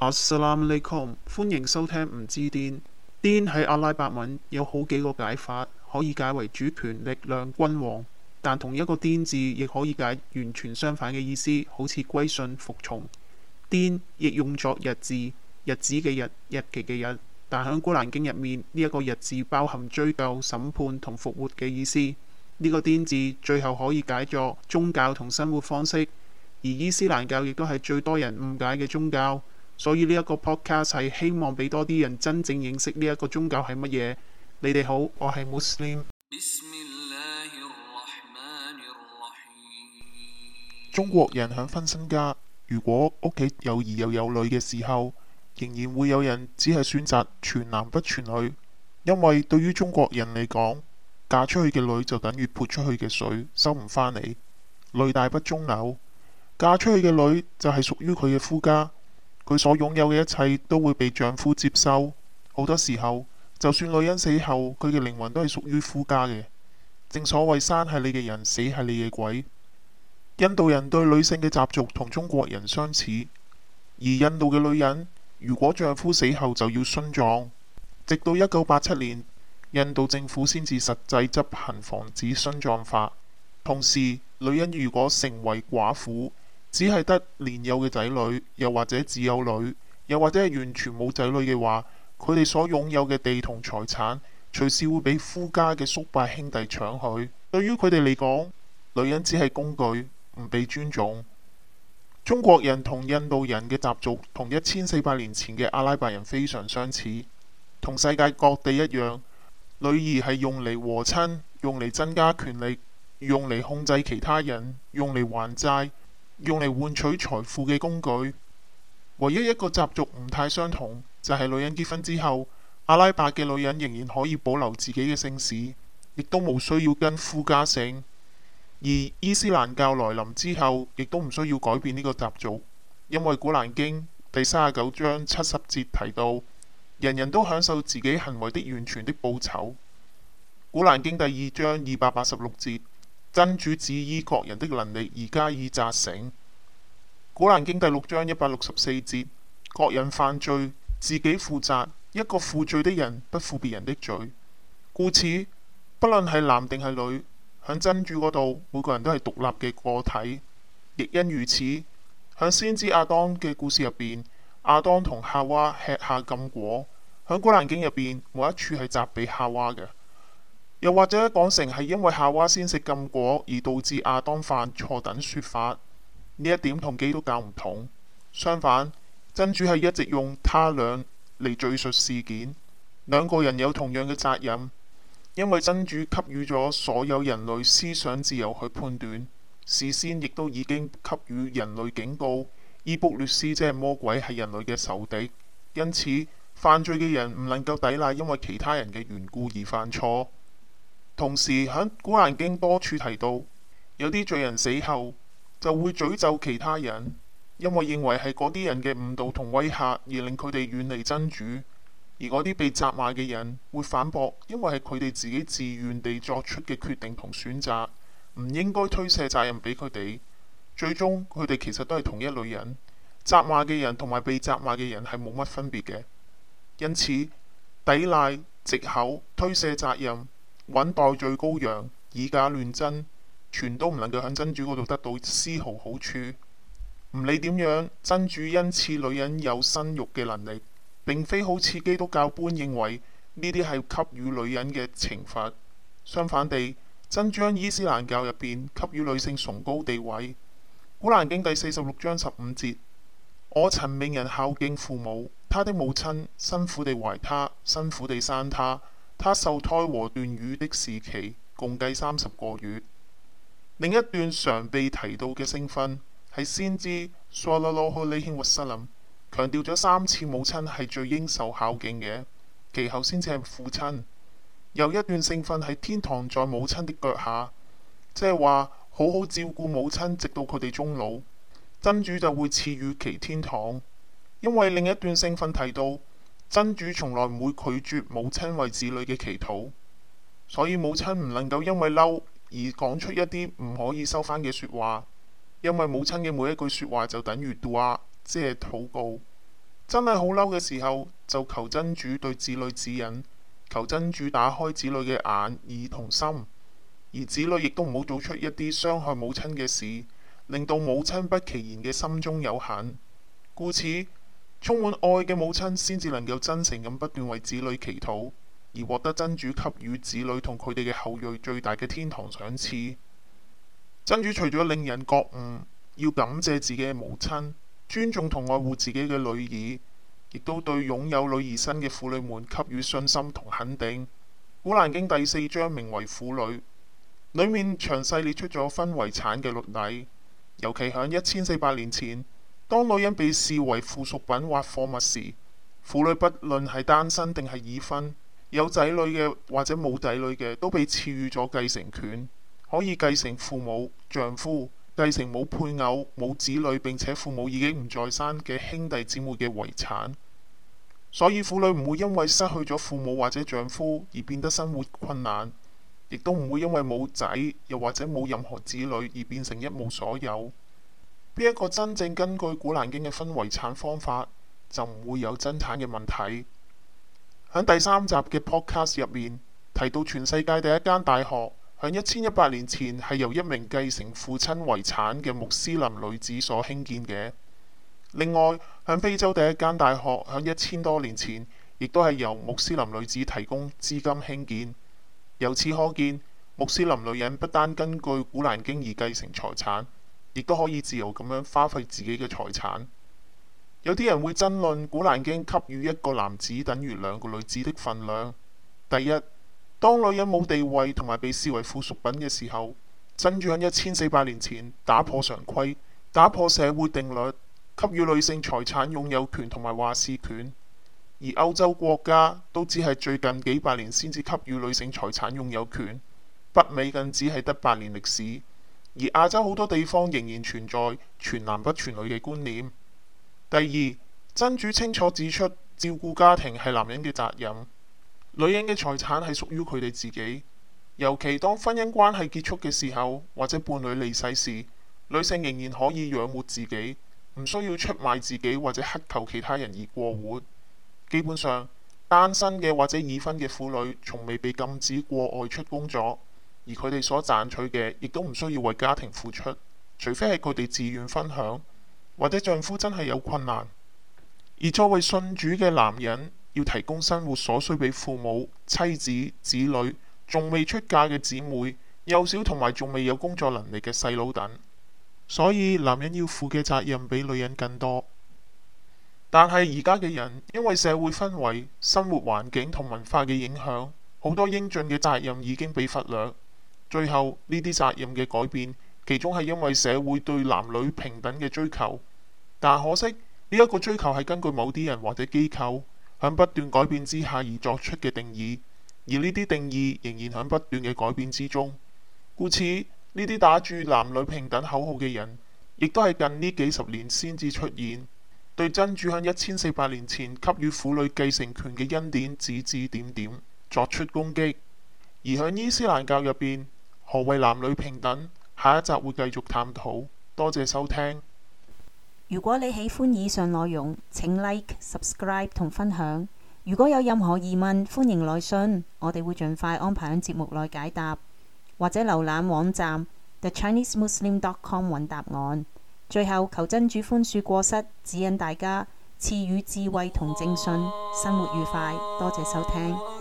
阿薩拉姆，利康歡迎收聽。唔知癲癲喺阿拉伯文有好幾個解法，可以解為主權、力量、君王。但同一個癲字亦可以解完全相反嘅意思，好似歸順、服從。癲亦用作日字，日子嘅日，日期嘅日。但喺古蘭經入面呢一個日字，包含追究、審判同復活嘅意思。呢個癲字最後可以解作宗教同生活方式。而伊斯蘭教亦都係最多人誤解嘅宗教。所以呢一個 podcast 係希望俾多啲人真正認識呢一個宗教係乜嘢。你哋好，我係 Muslim。中國人響分身家，如果屋企有兒又有女嘅時候，仍然會有人只係選擇傳男不傳女，因為對於中國人嚟講，嫁出去嘅女就等於潑出去嘅水，收唔返嚟。女大不中留。嫁出去嘅女就係屬於佢嘅夫家。佢所擁有嘅一切都會被丈夫接收，好多時候，就算女人死後，佢嘅靈魂都係屬於夫家嘅。正所謂生係你嘅人，死係你嘅鬼。印度人對女性嘅習俗同中國人相似，而印度嘅女人如果丈夫死後就要殉葬，直到一九八七年，印度政府先至實際執行防止殉葬法。同時，女人如果成為寡婦，只係得年幼嘅仔女，又或者只有女，又或者係完全冇仔女嘅話，佢哋所擁有嘅地同財產，隨時會俾夫家嘅叔伯兄弟搶去。對於佢哋嚟講，女人只係工具，唔被尊重。中國人同印度人嘅習俗，同一千四百年前嘅阿拉伯人非常相似，同世界各地一樣，女兒係用嚟和親，用嚟增加權力，用嚟控制其他人，用嚟還債。用嚟換取財富嘅工具。唯一一個習俗唔太相同，就係女人結婚之後，阿拉伯嘅女人仍然可以保留自己嘅姓氏，亦都冇需要跟夫家姓。而伊斯蘭教來臨之後，亦都唔需要改變呢個習俗，因為古蘭經第三十九章七十節提到，人人都享受自己行為的完全的報酬。古蘭經第二章二百八十六節。真主只依各人的能力而加以責成，《古蘭經》第六章一百六十四節：各人犯罪自己負責，一個負罪的人不負別人的罪。故此，不論係男定係女，響真主嗰度，每個人都係獨立嘅個體。亦因如此，響先知阿當嘅故事入邊，阿當同夏娃吃下禁果，響《古蘭經》入邊，冇一處係責備夏娃嘅。又或者講成係因為夏娃先食禁果而導致亞當犯錯等說法，呢一點同基督教唔同。相反，真主係一直用他倆嚟敘述事件，兩個人有同樣嘅責任，因為真主給予咗所有人類思想自由去判斷，事先亦都已經給予人類警告。伊卜劣斯即係魔鬼，係人類嘅仇敵，因此犯罪嘅人唔能夠抵賴，因為其他人嘅緣故而犯錯。同時，喺《古蘭經》多處提到，有啲罪人死後就會詛咒其他人，因為認為係嗰啲人嘅誤導同威嚇而令佢哋遠離真主。而嗰啲被責罵嘅人會反駁，因為係佢哋自己自願地作出嘅決定同選擇，唔應該推卸責任俾佢哋。最終，佢哋其實都係同一類人，責罵嘅人同埋被責罵嘅人係冇乜分別嘅。因此，抵賴、藉口、推卸責任，揾代罪羔羊，以假亂真，全都唔能夠喺真主嗰度得到絲毫好處。唔理點樣，真主恩賜女人有生育嘅能力，並非好似基督教般認為呢啲係給予女人嘅懲罰。相反地，真主喺伊斯蘭教入邊給予女性崇高地位。古蘭經第四十六章十五節：我曾命人孝敬父母，他的母親辛苦地懷他，辛苦地生他。他受胎和斷乳的時期共計三十個月。另一段常被提到嘅聖訓係先知所拉魯去李興沃斯林，強調咗三次母親係最應受孝敬嘅，其後先至係父親。又一段聖訓係天堂在母親的腳下，即係話好好照顧母親直到佢哋終老，真主就會賜予其天堂。因為另一段聖訓提到。真主從來唔會拒絕母親為子女嘅祈禱，所以母親唔能夠因為嬲而講出一啲唔可以收翻嘅説話，因為母親嘅每一句説話就等於杜阿，即係禱告。真係好嬲嘅時候，就求真主對子女指引，求真主打開子女嘅眼耳同心，而子女亦都唔好做出一啲傷害母親嘅事，令到母親不其然嘅心中有恨，故此。充滿愛嘅母親，先至能夠真誠咁不斷為子女祈禱，而獲得真主給予子女同佢哋嘅後裔最大嘅天堂賞賜。真主除咗令人覺悟，要感謝自己嘅母親，尊重同愛護自己嘅女兒，亦都對擁有女兒身嘅婦女們給予信心同肯定。古蘭經第四章名為婦女，裡面詳細列出咗分遺產嘅律例，尤其響一千四百年前。當女人被視為附屬品或貨物時，婦女不論係單身定係已婚，有仔女嘅或者冇仔女嘅，都被賜予咗繼承權，可以繼承父母、丈夫、繼承冇配偶、冇子女並且父母已經唔在生嘅兄弟姊妹嘅遺產。所以婦女唔會因為失去咗父母或者丈夫而變得生活困難，亦都唔會因為冇仔又或者冇任何子女而變成一無所有。邊一個真正根據《古蘭經》嘅分遺產方法，就唔會有爭產嘅問題。喺第三集嘅 Podcast 入面提到，全世界第一間大學喺一千一百年前係由一名繼承父親遺產嘅穆斯林女子所興建嘅。另外，喺非洲第一間大學喺一千多年前，亦都係由穆斯林女子提供資金興建。由此可見，穆斯林女人不單根據《古蘭經》而繼承財產。亦都可以自由咁樣花費自己嘅財產。有啲人會爭論《古蘭經》給予一個男子等於兩個女子的份量。第一，當女人冇地位同埋被視為附屬品嘅時候，真主喺一千四百年前打破常規、打破社會定律，給予女性財產擁有權同埋話事權。而歐洲國家都只係最近幾百年先至給予女性財產擁有權，北美更只係得百年歷史。而亞洲好多地方仍然存在傳男不傳女嘅觀念。第二，真主清楚指出照顧家庭係男人嘅責任，女人嘅財產係屬於佢哋自己。尤其當婚姻關係結束嘅時候，或者伴侶離世時，女性仍然可以養活自己，唔需要出賣自己或者乞求其他人而過活。基本上，單身嘅或者已婚嘅婦女從未被禁止過外出工作。而佢哋所賺取嘅，亦都唔需要為家庭付出，除非係佢哋自願分享，或者丈夫真係有困難。而作為信主嘅男人，要提供生活所需俾父母、妻子、子女，仲未出嫁嘅姊妹、幼小同埋仲未有工作能力嘅細佬等，所以男人要負嘅責任比女人更多。但係而家嘅人，因為社會氛圍、生活環境同文化嘅影響，好多應盡嘅責任已經被忽略。最後呢啲責任嘅改變，其中係因為社會對男女平等嘅追求。但可惜呢一個追求係根據某啲人或者機構響不斷改變之下而作出嘅定義，而呢啲定義仍然響不斷嘅改變之中。故此呢啲打住男女平等口號嘅人，亦都係近呢幾十年先至出現，對真主喺一千四百年前給予婦女繼承權嘅恩典指指點點作出攻擊，而喺伊斯蘭教入邊。何謂男女平等？下一集會繼續探討。多謝收聽。如果你喜歡以上內容，請 Like、Subscribe 同分享。如果有任何疑問，歡迎來信，我哋會盡快安排喺節目內解答，或者瀏覽網站 TheChineseMuslim.com 揾答案。最後，求真主寬恕過失，指引大家，賜予智慧同正信，生活愉快。多謝收聽。